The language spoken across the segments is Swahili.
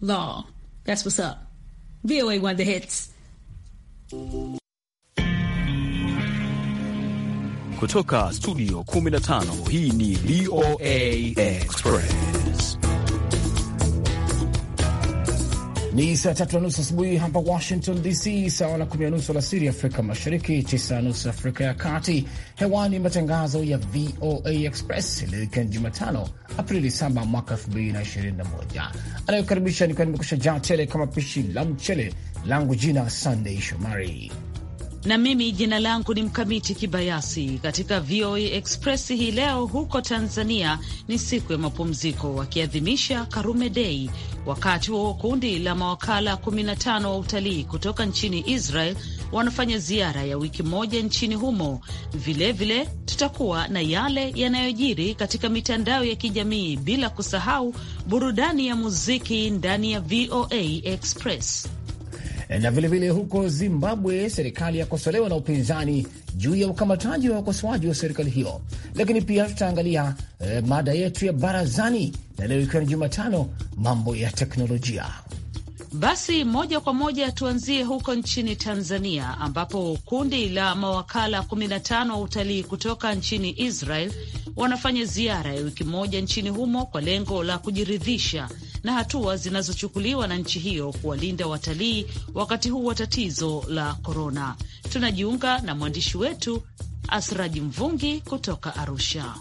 Long. That's what's up. VOA one the hits. Kutoka studio 15 hii ni VOA Express. Ni saa tatu na nusu asubuhi hapa Washington DC, sawa na kumi na nusu alasiri Afrika Mashariki, tisa na nusu Afrika ya Kati. Hewani matangazo ya VOA Express iliyoikia Jumatano Aprili 7 mwaka 2021. Anayokaribisha nikiwa nimekusha jaa tele kama pishi la mchele langu, jina Sunday Shomari na mimi jina langu ni Mkamiti Kibayasi katika VOA e Express hii leo. Huko Tanzania ni siku ya mapumziko, wakiadhimisha Karume Dei. Wakati huo kundi la mawakala 15 wa utalii kutoka nchini Israel wanafanya ziara ya wiki moja nchini humo. Vilevile vile, tutakuwa na yale yanayojiri katika mitandao ya kijamii, bila kusahau burudani ya muziki ndani ya VOA e Express. Eh, na vilevile vile huko Zimbabwe, serikali yakosolewa na upinzani juu ya ukamataji wa wakosoaji wa serikali hiyo. Lakini pia tutaangalia eh, mada yetu ya barazani, na leo ikiwa ni Jumatano, mambo ya teknolojia. Basi moja kwa moja tuanzie huko nchini Tanzania, ambapo kundi la mawakala 15 wa utalii kutoka nchini Israel wanafanya ziara ya wiki moja nchini humo kwa lengo la kujiridhisha na hatua zinazochukuliwa na nchi hiyo kuwalinda watalii wakati huu wa tatizo la korona. Tunajiunga na mwandishi wetu Asraji Mvungi kutoka Arusha.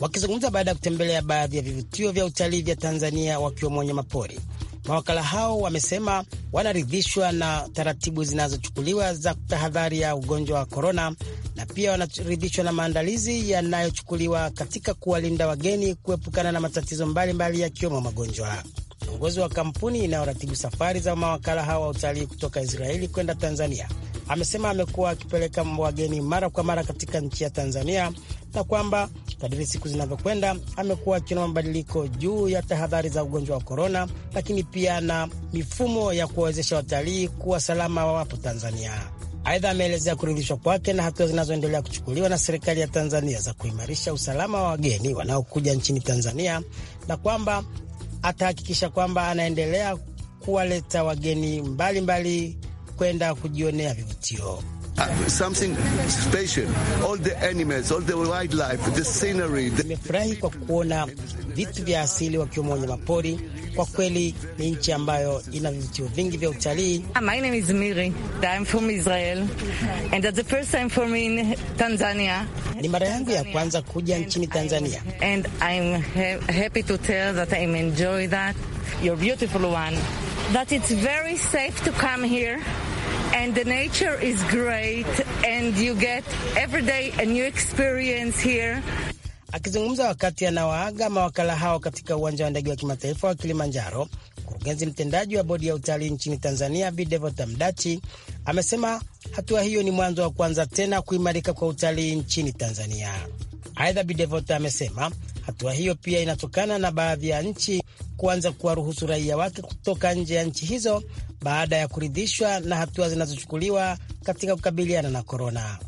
Wakizungumza baada ya kutembelea baadhi ya vivutio vya utalii vya Tanzania wakiwemo wanyamapori Mawakala hao wamesema wanaridhishwa na taratibu zinazochukuliwa za tahadhari ya ugonjwa wa korona, na pia wanaridhishwa na maandalizi yanayochukuliwa katika kuwalinda wageni kuepukana na matatizo mbalimbali yakiwemo magonjwa. Kiongozi wa kampuni inayoratibu safari za mawakala hao wa utalii kutoka Israeli kwenda Tanzania amesema amekuwa akipeleka wageni mara kwa mara katika nchi ya Tanzania na kwamba Kadiri siku zinavyokwenda, amekuwa akiona mabadiliko juu ya tahadhari za ugonjwa wa korona, lakini pia na mifumo ya kuwawezesha watalii kuwa salama wawapo Tanzania. Aidha, ameelezea kuridhishwa kwake na hatua zinazoendelea kuchukuliwa na serikali ya Tanzania za kuimarisha usalama wa wageni wanaokuja nchini Tanzania na kwamba atahakikisha kwamba anaendelea kuwaleta wageni mbalimbali kwenda kujionea vivutio. Nimefurahi kwa kuona vitu vya asili wakiwemo wanyamapori Kwa kweli ni nchi ambayo ina vivutio vingi vya utalii. Ni mara yangu ya kwanza kuja nchini Tanzania. And I'm happy to tell that I enjoy that. You're beautiful one. That it's very safe to come here and the nature is great and you get every day a new experience here. Akizungumza wakati anawaaga mawakala hao katika uwanja wa ndege wa kimataifa wa Kilimanjaro, mkurugenzi mtendaji wa bodi ya utalii nchini Tanzania Bidevota Mdachi amesema hatua hiyo ni mwanzo wa kwanza tena kuimarika kwa utalii nchini Tanzania. Aidha, Bidevota amesema hatua hiyo pia inatokana na baadhi ya nchi kuanza kuwaruhusu raia wake kutoka nje ya nchi hizo baada ya kuridhishwa na hatua zinazochukuliwa katika kukabiliana na korona.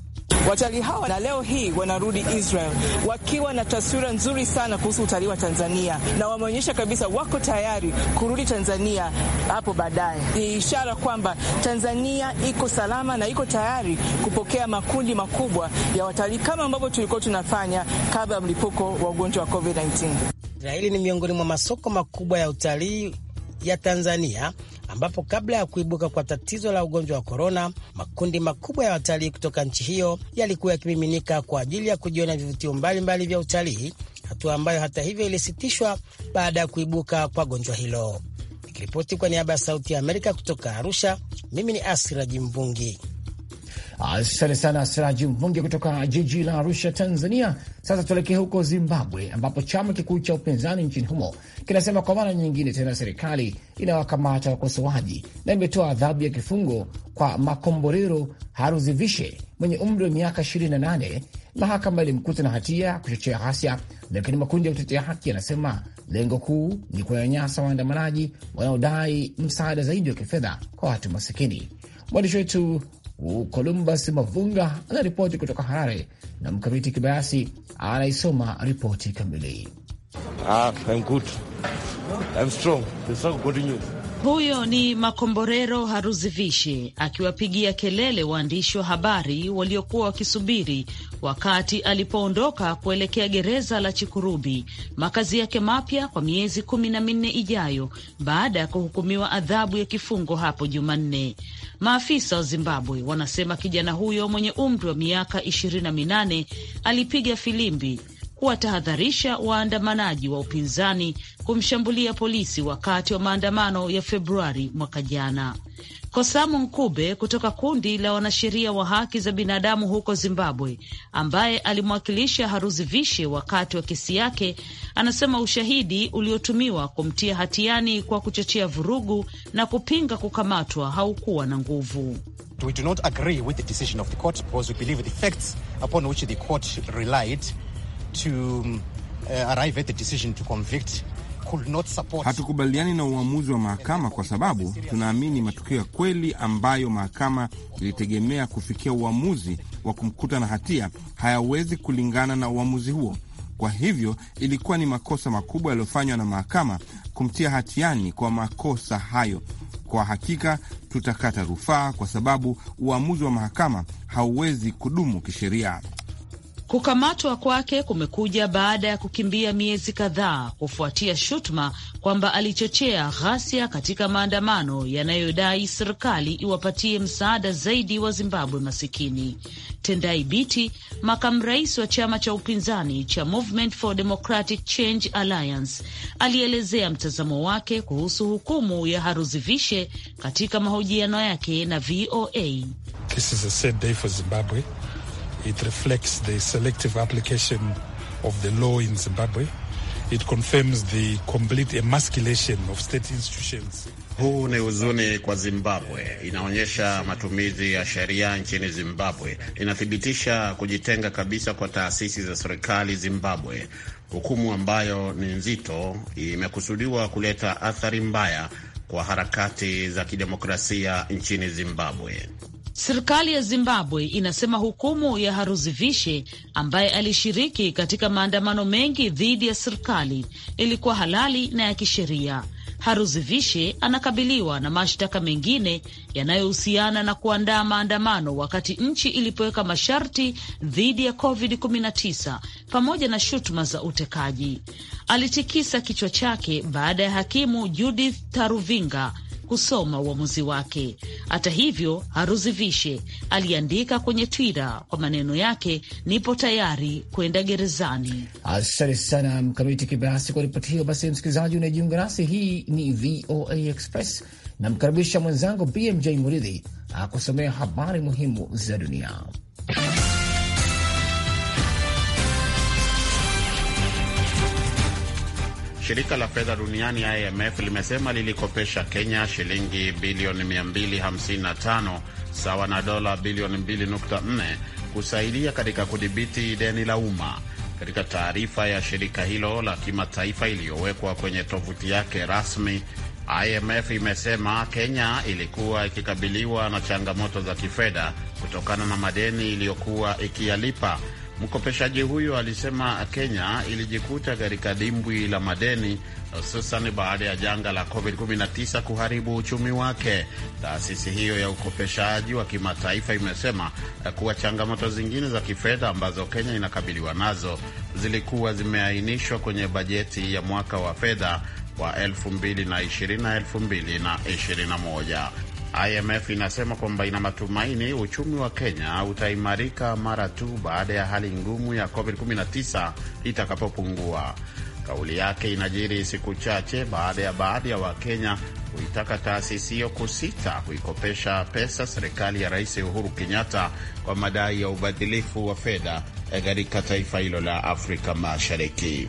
Watalii hawa na leo hii wanarudi Israel wakiwa na taswira nzuri sana kuhusu utalii wa Tanzania, na wameonyesha kabisa wako tayari kurudi Tanzania hapo baadaye. Ni ishara kwamba Tanzania iko salama na iko tayari kupokea makundi makubwa ya watalii kama ambavyo tulikuwa tunafanya kabla ya mlipuko wa ugonjwa wa COVID-19 na hili ni miongoni mwa masoko makubwa ya utalii ya Tanzania ambapo kabla ya kuibuka kwa tatizo la ugonjwa wa korona, makundi makubwa ya watalii kutoka nchi hiyo yalikuwa yakimiminika kwa ajili ya kujiona vivutio mbalimbali vya utalii, hatua ambayo hata hivyo ilisitishwa baada ya kuibuka kwa gonjwa hilo. Nikiripoti kwa niaba ya Sauti ya Amerika kutoka Arusha, mimi ni Asira Jimbungi. Asante sana Siraji Mvungi kutoka jiji la Arusha, Tanzania. Sasa tuelekee huko Zimbabwe, ambapo chama kikuu cha upinzani nchini humo kinasema kwa mara nyingine tena serikali inawakamata wakosoaji na imetoa adhabu ya kifungo kwa Makomborero Haruzivishe mwenye umri wa miaka 28. Mahakama ilimkuta na hatia kuchochea ghasia, lakini makundi ya kutetea haki yanasema lengo kuu ni kuwanyanyasa waandamanaji wanaodai msaada zaidi wa kifedha kwa watu masikini. Mwandishi wetu Columbus Mavunga ana ripoti kutoka Harare na Mkamiti Kibayasi anaisoma ripoti kamili. Ah, I'm good. I'm strong. Huyo ni Makomborero Haruzivishe akiwapigia kelele waandishi wa habari waliokuwa wakisubiri wakati alipoondoka kuelekea gereza la Chikurubi, makazi yake mapya, kwa miezi kumi na minne ijayo baada ya kuhukumiwa adhabu ya kifungo hapo Jumanne. Maafisa wa Zimbabwe wanasema kijana huyo mwenye umri wa miaka ishirini na minane alipiga filimbi kuwatahadharisha waandamanaji wa upinzani kumshambulia polisi wakati wa maandamano ya Februari mwaka jana. Kosamu Nkube kutoka kundi la wanasheria wa haki za binadamu huko Zimbabwe, ambaye alimwakilisha Haruzi Vishe wakati wa kesi yake, anasema ushahidi uliotumiwa kumtia hatiani kwa kuchochea vurugu na kupinga kukamatwa haukuwa na nguvu. We do not agree with the decision of the court because we believe the facts upon which the court relied to uh, arrive at the decision to convict Hatukubaliani na uamuzi wa mahakama kwa sababu tunaamini matukio ya kweli ambayo mahakama ilitegemea kufikia uamuzi wa kumkuta na hatia hayawezi kulingana na uamuzi huo. Kwa hivyo ilikuwa ni makosa makubwa yaliyofanywa na mahakama kumtia hatiani kwa makosa hayo. Kwa hakika tutakata rufaa kwa sababu uamuzi wa mahakama hauwezi kudumu kisheria. Kukamatwa kwake kumekuja baada ya kukimbia miezi kadhaa kufuatia shutuma kwamba alichochea ghasia katika maandamano yanayodai serikali iwapatie msaada zaidi wa Zimbabwe masikini. Tendai Biti, makamu rais wa chama cha upinzani cha Movement for Democratic Change Alliance, alielezea mtazamo wake kuhusu hukumu ya Haruzivishe katika mahojiano yake na VOA. This is a sad day for Zimbabwe. It reflects the selective application of the law in Zimbabwe. It confirms the complete emasculation of state institutions. Huu ni huzuni kwa Zimbabwe, inaonyesha matumizi ya sheria nchini Zimbabwe, inathibitisha kujitenga kabisa kwa taasisi za serikali Zimbabwe. Hukumu ambayo ni nzito imekusudiwa kuleta athari mbaya kwa harakati za kidemokrasia nchini Zimbabwe. Serikali ya Zimbabwe inasema hukumu ya Haruzivishe ambaye alishiriki katika maandamano mengi dhidi ya serikali ilikuwa halali na ya kisheria. Haruzivishe anakabiliwa na mashtaka mengine yanayohusiana na kuandaa maandamano wakati nchi ilipoweka masharti dhidi ya COVID-19 pamoja na shutuma za utekaji. Alitikisa kichwa chake baada ya hakimu Judith Taruvinga kusoma uamuzi wake. Hata hivyo, haruzivishe aliandika kwenye Twitter kwa maneno yake, nipo tayari kwenda gerezani. Asante sana Mkamiti Kibayasi kwa ripoti hiyo. Basi msikilizaji, unajiunga nasi, hii ni VOA Express. Namkaribisha mwenzangu BMJ Muridhi akusomea habari muhimu za dunia. Shirika la fedha duniani IMF limesema lilikopesha Kenya shilingi bilioni 255 sawa na dola bilioni 2.4 kusaidia katika kudhibiti deni la umma. Katika taarifa ya shirika hilo la kimataifa iliyowekwa kwenye tovuti yake rasmi, IMF imesema Kenya ilikuwa ikikabiliwa na changamoto za kifedha kutokana na madeni iliyokuwa ikiyalipa Mkopeshaji huyo alisema Kenya ilijikuta katika dimbwi la madeni hususan baada ya janga la COVID-19 kuharibu uchumi wake. Taasisi hiyo ya ukopeshaji wa kimataifa imesema kuwa changamoto zingine za kifedha ambazo Kenya inakabiliwa nazo zilikuwa zimeainishwa kwenye bajeti ya mwaka wa fedha wa 2020 na 2021. IMF inasema kwamba ina matumaini uchumi wa Kenya utaimarika mara tu baada ya hali ngumu ya COVID-19 itakapopungua. Kauli yake inajiri siku chache baada ya baadhi ya Wakenya kuitaka taasisi hiyo kusita kuikopesha pesa serikali ya Rais Uhuru Kenyatta kwa madai ya ubadhilifu wa fedha katika taifa hilo la Afrika Mashariki.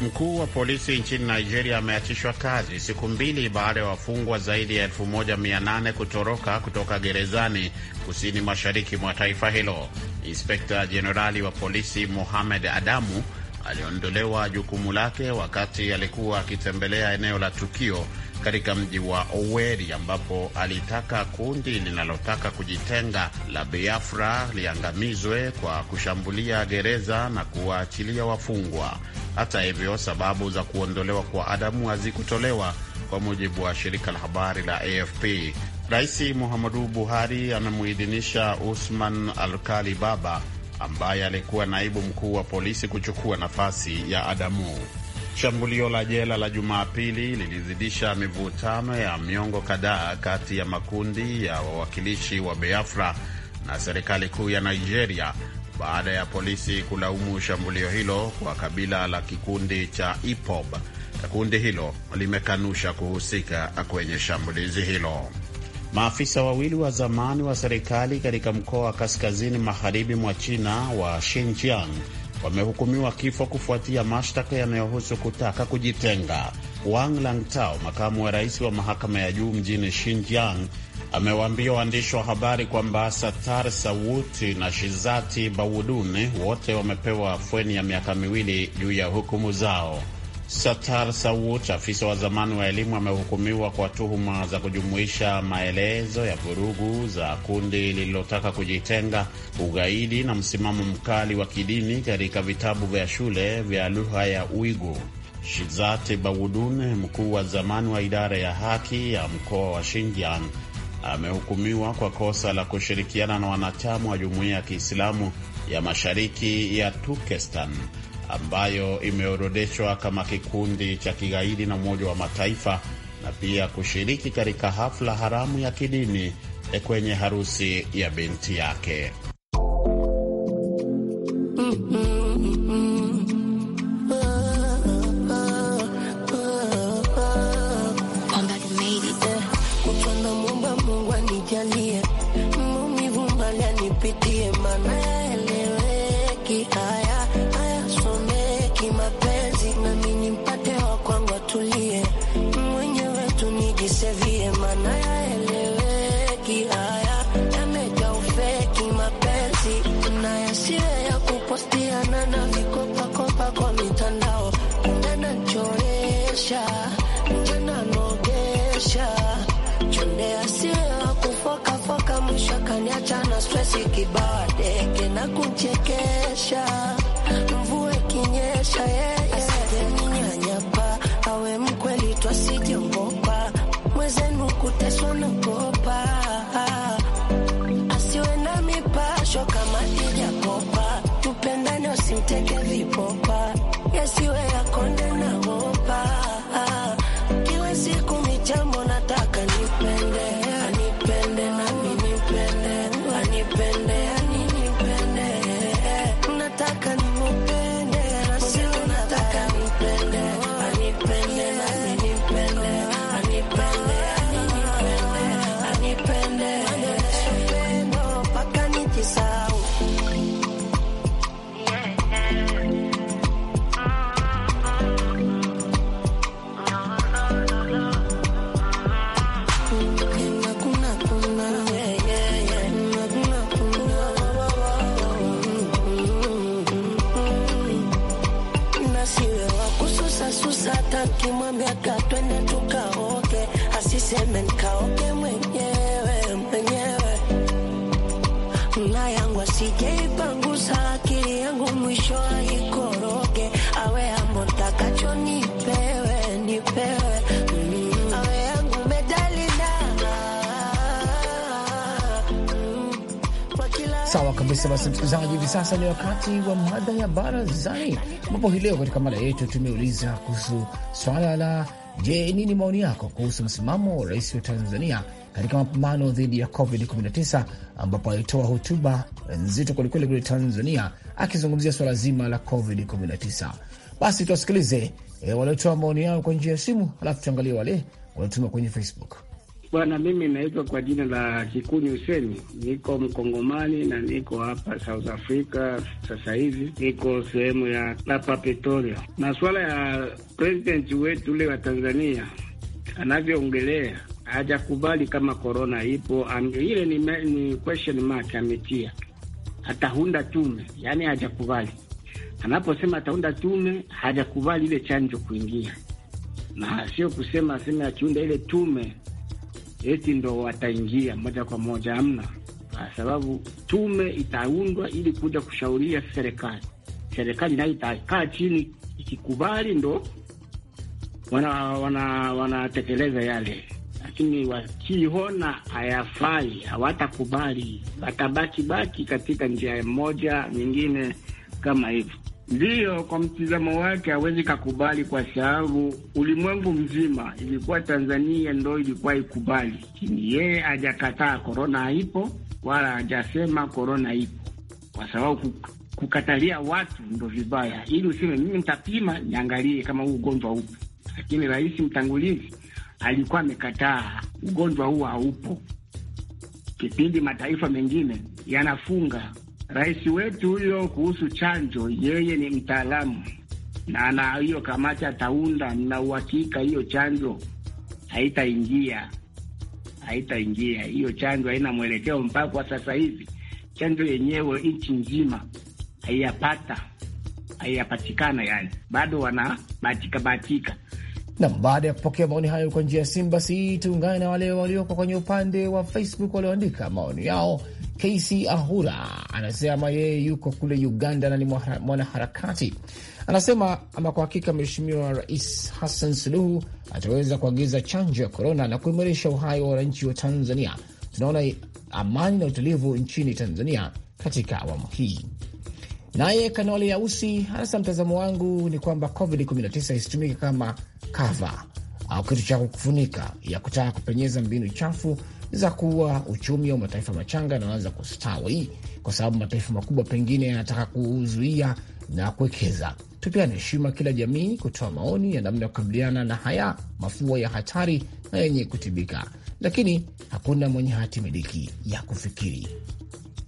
Mkuu wa polisi nchini Nigeria ameachishwa kazi siku mbili baada ya wafungwa zaidi ya 1800 kutoroka kutoka gerezani kusini mashariki mwa taifa hilo. Inspekta Jenerali wa polisi Mohamed Adamu aliondolewa jukumu lake wakati alikuwa akitembelea eneo la tukio katika mji wa Oweri ambapo alitaka kundi linalotaka kujitenga la Biafra liangamizwe kwa kushambulia gereza na kuwaachilia wafungwa. Hata hivyo, sababu za kuondolewa kwa Adamu hazikutolewa kwa mujibu wa shirika la habari la AFP. Rais Muhammadu Buhari amemuidhinisha Usman Alkali Baba ambaye alikuwa naibu mkuu wa polisi kuchukua nafasi ya Adamu. Shambulio la jela la Jumapili lilizidisha mivutano ya miongo kadhaa kati ya makundi ya wawakilishi wa Biafra na serikali kuu ya Nigeria baada ya polisi kulaumu shambulio hilo kwa kabila la kikundi cha IPOB. Kundi hilo limekanusha kuhusika kwenye shambulizi hilo. Maafisa wawili wa zamani wa serikali katika mkoa wa kaskazini magharibi mwa China wa Xinjiang wamehukumiwa kifo kufuatia mashtaka yanayohusu kutaka kujitenga. Wang Langtao, makamu wa rais wa mahakama ya juu mjini Xinjiang, amewaambia waandishi wa habari kwamba Satar Sawuti na Shizati Bawuduni wote wamepewa afweni ya miaka miwili juu ya hukumu zao. Satar Sawut, afisa wa zamani wa elimu, amehukumiwa kwa tuhuma za kujumuisha maelezo ya vurugu za kundi lililotaka kujitenga, ugaidi na msimamo mkali wa kidini katika vitabu vya shule vya lugha ya Uigu. shizati Bawudun, mkuu wa zamani wa idara ya haki ya mkoa wa shinjiang amehukumiwa kwa kosa la kushirikiana na wanachama wa jumuiya ya Kiislamu ya mashariki ya Turkestan ambayo imeorodheshwa kama kikundi cha kigaidi na Umoja wa Mataifa na pia kushiriki katika hafla haramu ya kidini kwenye harusi ya binti yake. naogesha jana, naogesha chonde asio kufoka foka, mwisho kaniacha na stresi na kuchekesha, mvua ikinyesha yeye awe mkweli twasijombopa, mwezenu kuteswa na asiwe na mipasho kama ijakopa, tupendane usimteke vipopa, yasiwe basi, msikilizaji, hivi sasa ni wakati wa mada ya barazani, ambapo hii leo katika mada yetu tumeuliza kuhusu swala la je, nini maoni yako kuhusu msimamo wa rais wa Tanzania katika mapambano dhidi ya COVID-19, ambapo alitoa hotuba nzito kwelikweli kule Tanzania akizungumzia swala zima la COVID-19. Basi tuwasikilize e, waliotoa maoni yao kwa njia ya simu, halafu tuangalie wale waliotuma kwenye Facebook. Bwana, mimi naitwa kwa jina la Kikuni Useni, niko Mkongomani na niko hapa South Africa. Sasa hivi niko sehemu ya Lapa Pretoria. Masuala ya president wetu ule wa Tanzania anavyoongelea hajakubali kama korona ipo, ile ni, ni question mark ametia, ataunda tume, yaani hajakubali. Anaposema ataunda tume, hajakubali ile chanjo kuingia, na sio kusema aseme akiunda ile tume eti ndo wataingia moja kwa moja, amna Kwa sababu tume itaundwa ili kuja kushauria serikali, serikali nayo itakaa chini, ikikubali ndo wana wana yale, lakini wakiona hayafai hawatakubali, watabaki baki katika njia moja nyingine kama hivyo. Ndiyo, kwa mtizamo wake hawezi kakubali, kwa sababu ulimwengu mzima ilikuwa Tanzania ndo ilikuwa ikubali, lakini yeye hajakataa korona haipo, wala hajasema korona ipo, kwa sababu kukatalia watu ndo vibaya, ili useme mimi ntapima niangalie kama huu ugonjwa upo. Lakini rais mtangulizi alikuwa amekataa, ugonjwa huu haupo, kipindi mataifa mengine yanafunga Rais wetu huyo kuhusu chanjo, yeye ni mtaalamu na ana hiyo kamati ataunda, na uhakika hiyo chanjo haitaingia, haitaingia hiyo chanjo. Haina mwelekeo mpaka kwa sasa hivi, chanjo yenyewe nchi nzima haiyapata, haiyapatikana, yani bado wanabatika batika, batika. Nam, baada ya kupokea maoni hayo kwa njia ya simu, basi tuungane na wale walioko kwenye upande wa Facebook walioandika maoni yao. KC Ahura anasema yeye yuko kule Uganda na ni mwanaharakati. Anasema ama kwa hakika, Mheshimiwa Rais Hassan Suluhu ataweza kuagiza chanjo ya korona na kuimarisha uhai wa wananchi wa Tanzania. Tunaona amani na utulivu nchini Tanzania katika awamu hii. Naye Kanoli yausi anasema mtazamo wangu ni kwamba COVID-19 isitumike kama kava au kitu cha kufunika ya kutaka kupenyeza mbinu chafu za kuwa uchumi wa mataifa machanga yanaanza kustawi, kwa sababu mataifa makubwa pengine yanataka kuzuia na kuwekeza. tupia heshima kila jamii kutoa maoni ya namna ya kukabiliana na haya mafua ya hatari na yenye kutibika, lakini hakuna mwenye hati miliki ya kufikiri.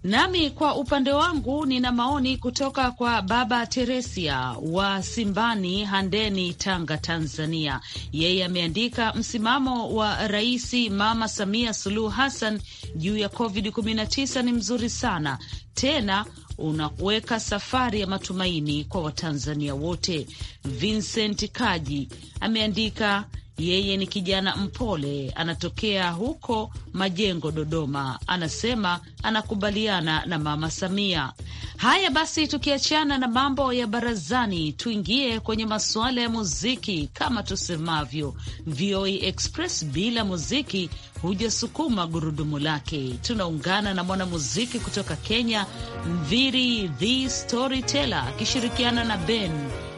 Nami kwa upande wangu nina maoni kutoka kwa Baba Teresia wa Simbani, Handeni, Tanga, Tanzania. Yeye ameandika msimamo wa Rais Mama Samia Suluhu Hassan juu ya COVID-19 ni mzuri sana, tena unaweka safari ya matumaini kwa Watanzania wote. Vincent Kaji ameandika yeye ni kijana mpole, anatokea huko Majengo, Dodoma. Anasema anakubaliana na Mama Samia. Haya basi, tukiachana na mambo ya barazani, tuingie kwenye masuala ya muziki. Kama tusemavyo, VOA e Express bila muziki hujasukuma gurudumu lake. Tunaungana na mwanamuziki kutoka Kenya, Mviri the Storyteller akishirikiana na Ben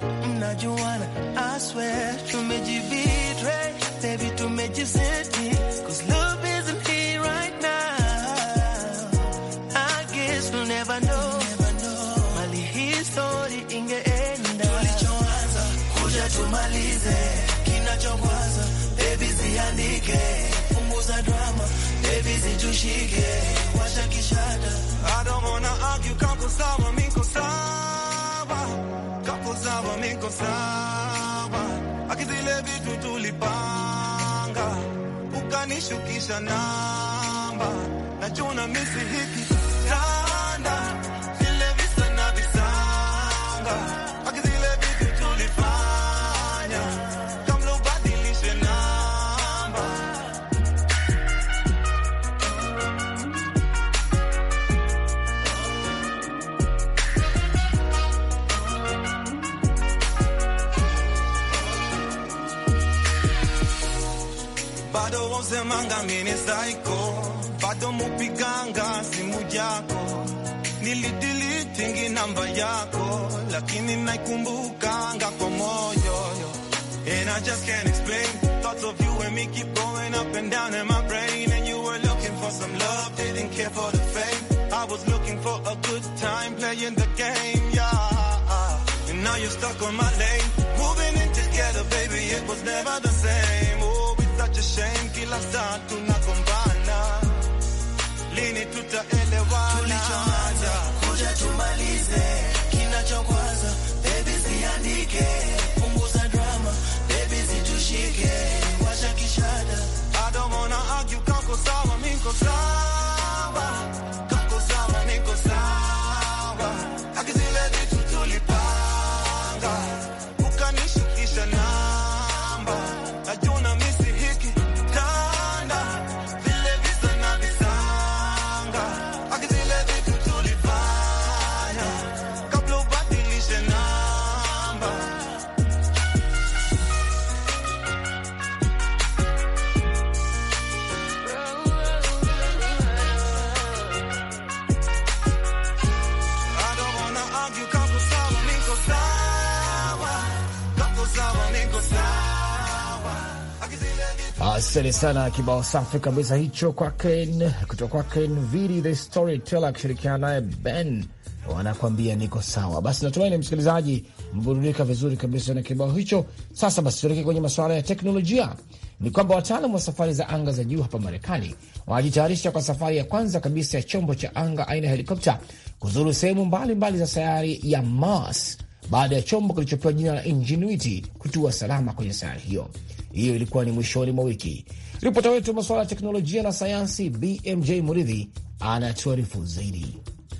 mnajuana, I swear tumeji betray baby, tumejiseti cause love isn't here right now. I guess we'll never know, never know. Mali hii story ingeenda, tulichoanza kuja tumalize, kinachokwaza baby ziandike, punguza drama baby zijushike, washa kishada, I don't wanna argue, kako sawa miko sawa iko sawa, aki zile vitu tulipanga, ukanishukisha namba, nachuna misi hiki manga saiko bado mupiganga simu yako nilidilitingi namba yako lakini naikumbukanga kwa moyo and I just can't explain thoughts of you and me keep going up and down in my brain and you were looking for some love didn't care for the fame I was looking for a good time playing the game yeah and now you're stuck on my lane moving in together baby it was never the same sasa tunagombana, lini tutaelewana? Tulichoanza kuja tumalize, kinachokwaza baby ziandike, punguza drama baby zitushike, washa kishada, I don't wanna argue, kako sawa, miko sawa Asante sana, kibao safi kabisa hicho kwaken kutoka kwaken Vili the Storyteller akishirikiana naye Ben wanakwambia niko sawa. Basi natumaini msikilizaji mburudika vizuri kabisa na kibao hicho. Sasa basi tuelekee kwenye masuala ya teknolojia. Ni kwamba wataalam wa safari za anga za juu hapa Marekani wanajitayarisha kwa safari ya kwanza kabisa ya chombo cha anga aina ya helikopta kuzuru sehemu mbalimbali za sayari ya Mars baada ya chombo kilichopewa jina la Ingenuity kutua salama kwenye sayari hiyo. Hiyo ilikuwa ni mwishoni mwa wiki. Ripota wetu wa masuala ya teknolojia na sayansi BMJ Muridhi anatuarifu zaidi.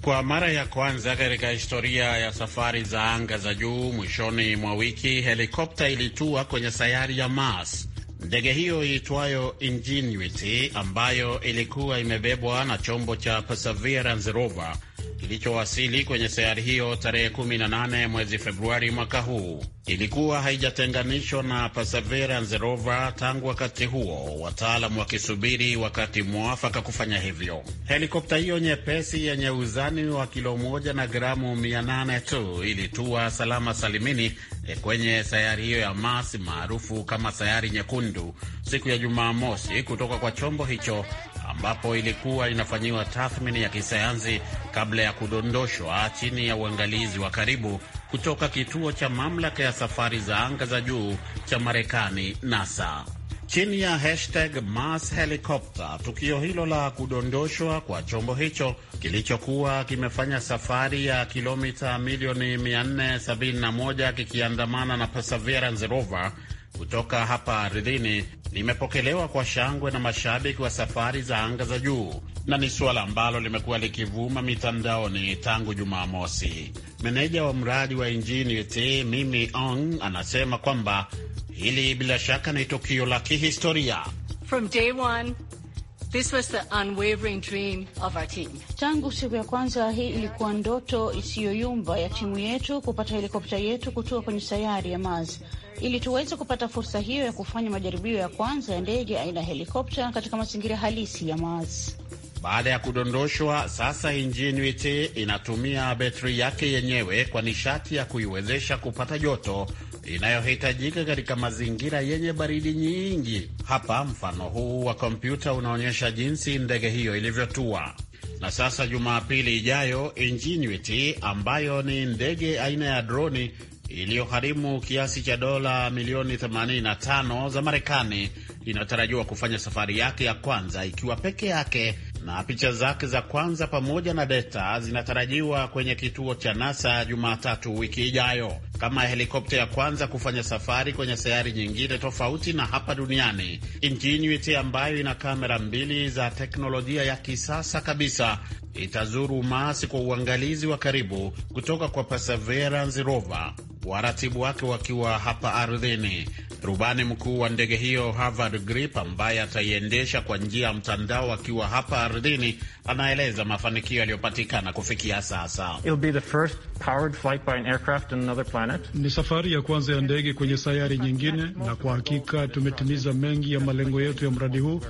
Kwa mara ya kwanza katika historia ya safari za anga za juu, mwishoni mwa wiki helikopta ilitua kwenye sayari ya Mars. Ndege hiyo iitwayo Ingenuity, ambayo ilikuwa imebebwa na chombo cha Perseverance rover kilichowasili kwenye sayari hiyo tarehe 18 mwezi Februari mwaka huu ilikuwa haijatenganishwa na Perseverance rover tangu wakati huo, wataalamu wakisubiri wakati mwafaka kufanya hivyo. Helikopta hiyo nyepesi yenye uzani wa kilo moja na gramu 800 tu ilitua salama salimini eh, kwenye sayari hiyo ya Mars maarufu kama sayari nyekundu siku ya Jumamosi kutoka kwa chombo hicho ambapo ilikuwa inafanyiwa tathmini ya kisayansi kabla ya kudondoshwa chini ya uangalizi wa karibu kutoka kituo cha mamlaka ya safari za anga za juu cha Marekani, NASA, chini ya hashtag Mars Helicopter. Tukio hilo la kudondoshwa kwa chombo hicho kilichokuwa kimefanya safari ya kilomita milioni 471 kikiandamana na Perseverance rover kutoka hapa ardhini limepokelewa kwa shangwe na mashabiki wa safari za anga za juu, na ni suala ambalo limekuwa likivuma mitandaoni tangu Jumamosi. Meneja wa mradi wa injini t Mimi Ong anasema kwamba hili bila shaka ni tukio la kihistoria From day one. This was the unwavering dream of our team. Tangu siku ya kwanza hii ilikuwa ndoto isiyoyumba ya timu yetu kupata helikopta yetu kutua kwenye sayari ya Mars. Ili tuweze kupata fursa hiyo ya kufanya majaribio ya kwanza ya ndege aina ya helikopta katika mazingira halisi ya Mars. Baada ya kudondoshwa, sasa Ingenuity inatumia betri yake yenyewe kwa nishati ya kuiwezesha kupata joto inayohitajika katika mazingira yenye baridi nyingi. Hapa mfano huu wa kompyuta unaonyesha jinsi ndege hiyo ilivyotua. Na sasa Jumapili ijayo Ingenuity ambayo ni ndege aina ya droni iliyogharimu kiasi cha dola milioni 85 za Marekani inatarajiwa kufanya safari yake ya kwanza ikiwa peke yake na picha zake za kwanza pamoja na deta zinatarajiwa kwenye kituo cha NASA Jumatatu wiki ijayo, kama helikopta ya kwanza kufanya safari kwenye sayari nyingine tofauti na hapa duniani, Ingenuity ambayo ina kamera mbili za teknolojia ya kisasa kabisa itazuru Mars kwa uangalizi wa karibu kutoka kwa Perseverance rover waratibu wake wakiwa hapa ardhini. Rubani mkuu wa ndege hiyo Harvard Grip, ambaye ataiendesha kwa njia ya mtandao akiwa hapa ardhini, anaeleza mafanikio yaliyopatikana kufikia sasa. Ni safari ya kwanza ya ndege kwenye sayari nyingine, na kwa hakika tumetimiza mengi ya malengo yetu ya mradi huu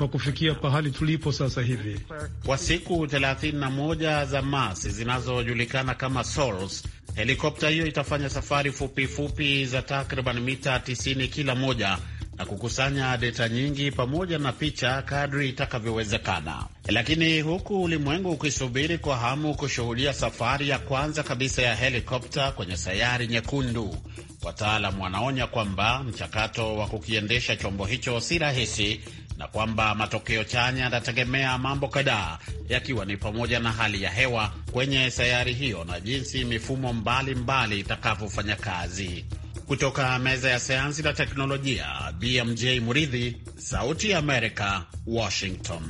kwa kufikia pahali tulipo sasa hivi. Kwa siku 31 za Mars zinazojulikana kama Souls, helikopta hiyo itafanya safari fupi fupi za takriban mita 90 kila moja na kukusanya data nyingi pamoja na picha kadri itakavyowezekana. Lakini huku ulimwengu ukisubiri kwa hamu kushuhudia safari ya kwanza kabisa ya helikopta kwenye sayari nyekundu, wataalamu wanaonya kwamba mchakato wa kukiendesha chombo hicho si rahisi na kwamba matokeo chanya yatategemea mambo kadhaa, yakiwa ni pamoja na hali ya hewa kwenye sayari hiyo na jinsi mifumo mbalimbali itakavyofanya kazi. Kutoka meza ya sayansi na teknolojia, BMJ Muridhi, Sauti ya Amerika, Washington.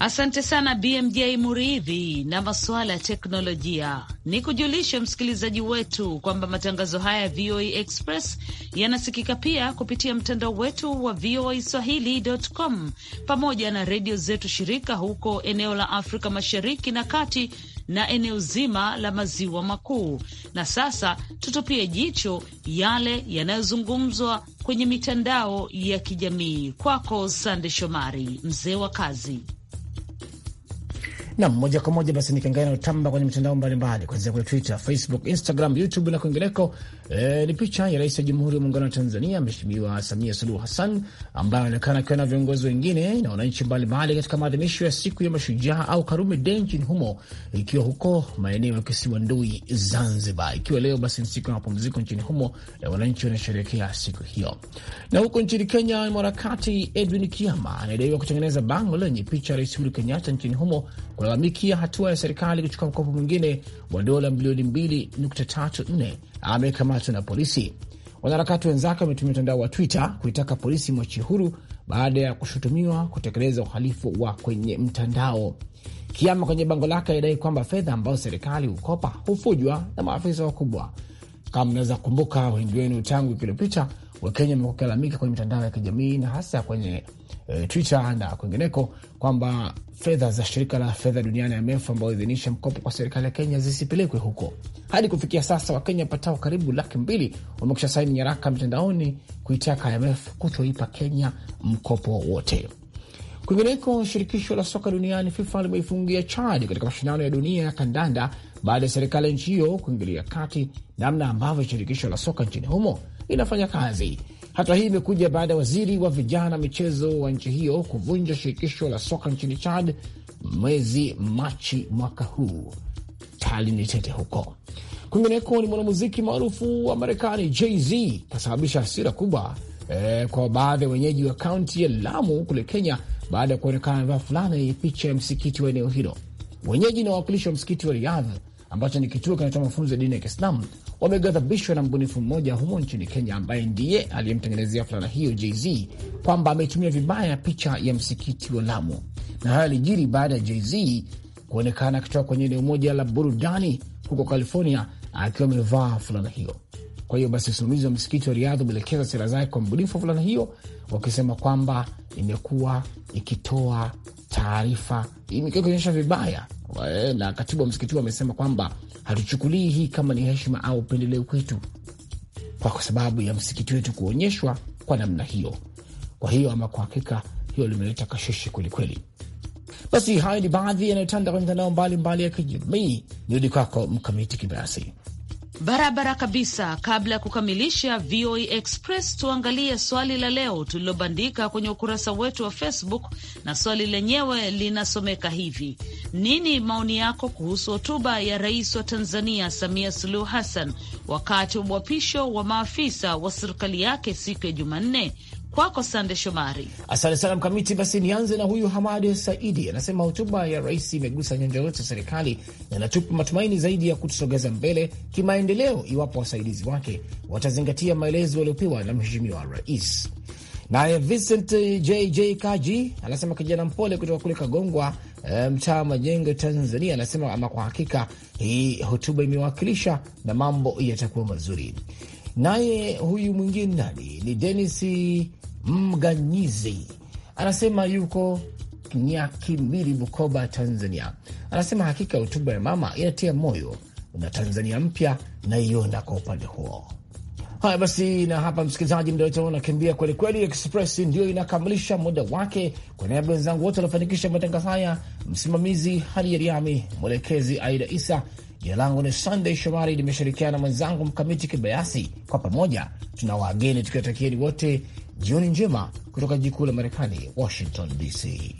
Asante sana BMJ Muridhi na masuala ya teknolojia. Ni kujulishe msikilizaji wetu kwamba matangazo haya ya VOA e Express yanasikika pia kupitia mtandao wetu wa VOA e Swahili.com pamoja na redio zetu shirika huko eneo la Afrika Mashariki na Kati na eneo zima la maziwa makuu. Na sasa tutupie jicho yale yanayozungumzwa kwenye mitandao ya kijamii. Kwako Sande Shomari, mzee wa kazi. Nam moja kwa moja basi nikiangalia inayotamba kwenye mitandao mbalimbali kuanzia kwenye Twitter, Facebook, Instagram, YouTube na kwingineko. E, ni picha ya rais wa Jamhuri ya Muungano wa Tanzania Mheshimiwa Samia Suluhu Hassan ambaye anaonekana akiwa na viongozi wengine na wananchi mbalimbali katika maadhimisho ya siku ya Mashujaa au Karume Day nchini humo, ikiwa huko maeneo ya kisiwa Ndui, Zanzibar, ikiwa leo basi ni siku ya mapumziko nchini humo na e, wananchi wanasherehekea siku hiyo. Na huko nchini Kenya, mwanaharakati Edwin Kiama anadaiwa kutengeneza bango lenye picha ya Rais Uhuru Kenyatta nchini humo kulalamikia hatua ya serikali kuchukua mkopo mwingine wa dola milioni 2.34 amekamatwa na polisi. Wanaharakati wenzake wametumia mtandao wa Twitter kuitaka polisi mwachi huru baada ya kushutumiwa kutekeleza uhalifu wa kwenye mtandao. Kiama kwenye bango lake alidai kwamba fedha ambayo serikali hukopa hufujwa na maafisa wakubwa. Kama mnaweza kukumbuka, wengi wenu tangu kilopita Wakenya wamekuwa wakilalamika kwenye mitandao ya kijamii na hasa kwenye e, Twitter na kwingineko kwamba fedha za shirika la fedha duniani IMF ambayo idhinisha mkopo kwa serikali ya Kenya zisipelekwe huko. Hadi kufikia sasa Wakenya wapatao karibu laki mbili wamekusha saini nyaraka mitandaoni kuitaka IMF kutoipa Kenya mkopo wote. Kwingineko, shirikisho la soka duniani FIFA limeifungia Chad katika mashindano ya dunia ya kandanda baada ya serikali ya nchi hiyo kuingilia kati namna ambavyo shirikisho la soka nchini humo inafanya kazi. Hatua hii imekuja baada ya waziri wa vijana michezo wa nchi hiyo kuvunja shirikisho la soka nchini Chad mwezi Machi mwaka huu. Tali ni tete huko. Kwingineko ni mwanamuziki maarufu wa Marekani Jay-Z kasababisha hasira kubwa eh, kwa baadhi ya wenyeji wa kaunti ya Lamu kule Kenya baada ya kuonekana amevaa fulana yenye picha ya msikiti wa eneo hilo. Wenyeji na wawakilishi wa msikiti wa Riyadh ambacho ni kituo kinachotoa mafunzo ya dini ya Kiislamu wameghadhabishwa na mbunifu mmoja humo nchini Kenya ambaye ndiye aliyemtengenezea fulana hiyo JZ kwamba ametumia vibaya picha ya msikiti wa Lamu, na haya alijiri baada ya JZ kuonekana akitoka kwenye eneo moja la burudani huko California akiwa amevaa fulana hiyo. Kwa hiyo basi, usimamizi wa msikiti wa Riadha umeelekeza sera zake kwa mbunifu wa fulana hiyo, wakisema kwamba imekuwa ikitoa taarifa ikionyesha vibaya, na katibu wa msikiti huo amesema kwamba hatuchukulii hii kama ni heshima au upendeleo kwetu, kwa sababu ya msikiti wetu kuonyeshwa kwa namna hiyo. Kwa hiyo ama kwa hakika, hiyo limeleta kashishi kwelikweli. Basi hayo ni baadhi yanayotanda kwenye mitandao mbalimbali ya kijamii. Nirudi kwako Mkamiti Kibayasi. Barabara kabisa. Kabla ya kukamilisha VOA e Express, tuangalie swali la leo tulilobandika kwenye ukurasa wetu wa Facebook, na swali lenyewe linasomeka hivi: nini maoni yako kuhusu hotuba ya Rais wa Tanzania Samia Suluhu Hassan wakati wa mwapisho wa maafisa wa serikali yake siku ya Jumanne? Kwako Sande Shomari. Asante sana Mkamiti. Basi nianze na huyu Hamad Saidi, anasema hotuba ya rais imegusa nyanja yote ya serikali na inatupa matumaini zaidi ya kutusogeza mbele kimaendeleo iwapo wasaidizi wake watazingatia maelezo waliopewa na mheshimiwa rais. Naye Vincent JJ Kaji anasema kijana mpole kutoka kule Kagongwa, eh, mtaa um, Majengo, Tanzania, anasema ama kwa hakika hii hotuba imewakilisha na mambo yatakuwa mazuri. Naye huyu mwingine nani ni Denis Mganyizi anasema yuko Nyakimiri, Bukoba, Tanzania. Anasema hakika hotuba ya mama inatia moyo na Tanzania mpya naiona kwa upande huo. Haya basi, na hapa msikilizaji, muda wetu unakimbia kweli kweli. Express ndio inakamilisha muda wake. Kwa niaba wenzangu wote waliofanikisha matangazo haya, msimamizi ya Riami, mwelekezi Aida Isa, jina langu ni Sunday Shomari, nimeshirikiana na mwenzangu Mkamiti Kibayasi. Kwa pamoja tuna wageni tukiwatakieni wote Jioni njema kutoka jikuu la Marekani, Washington DC.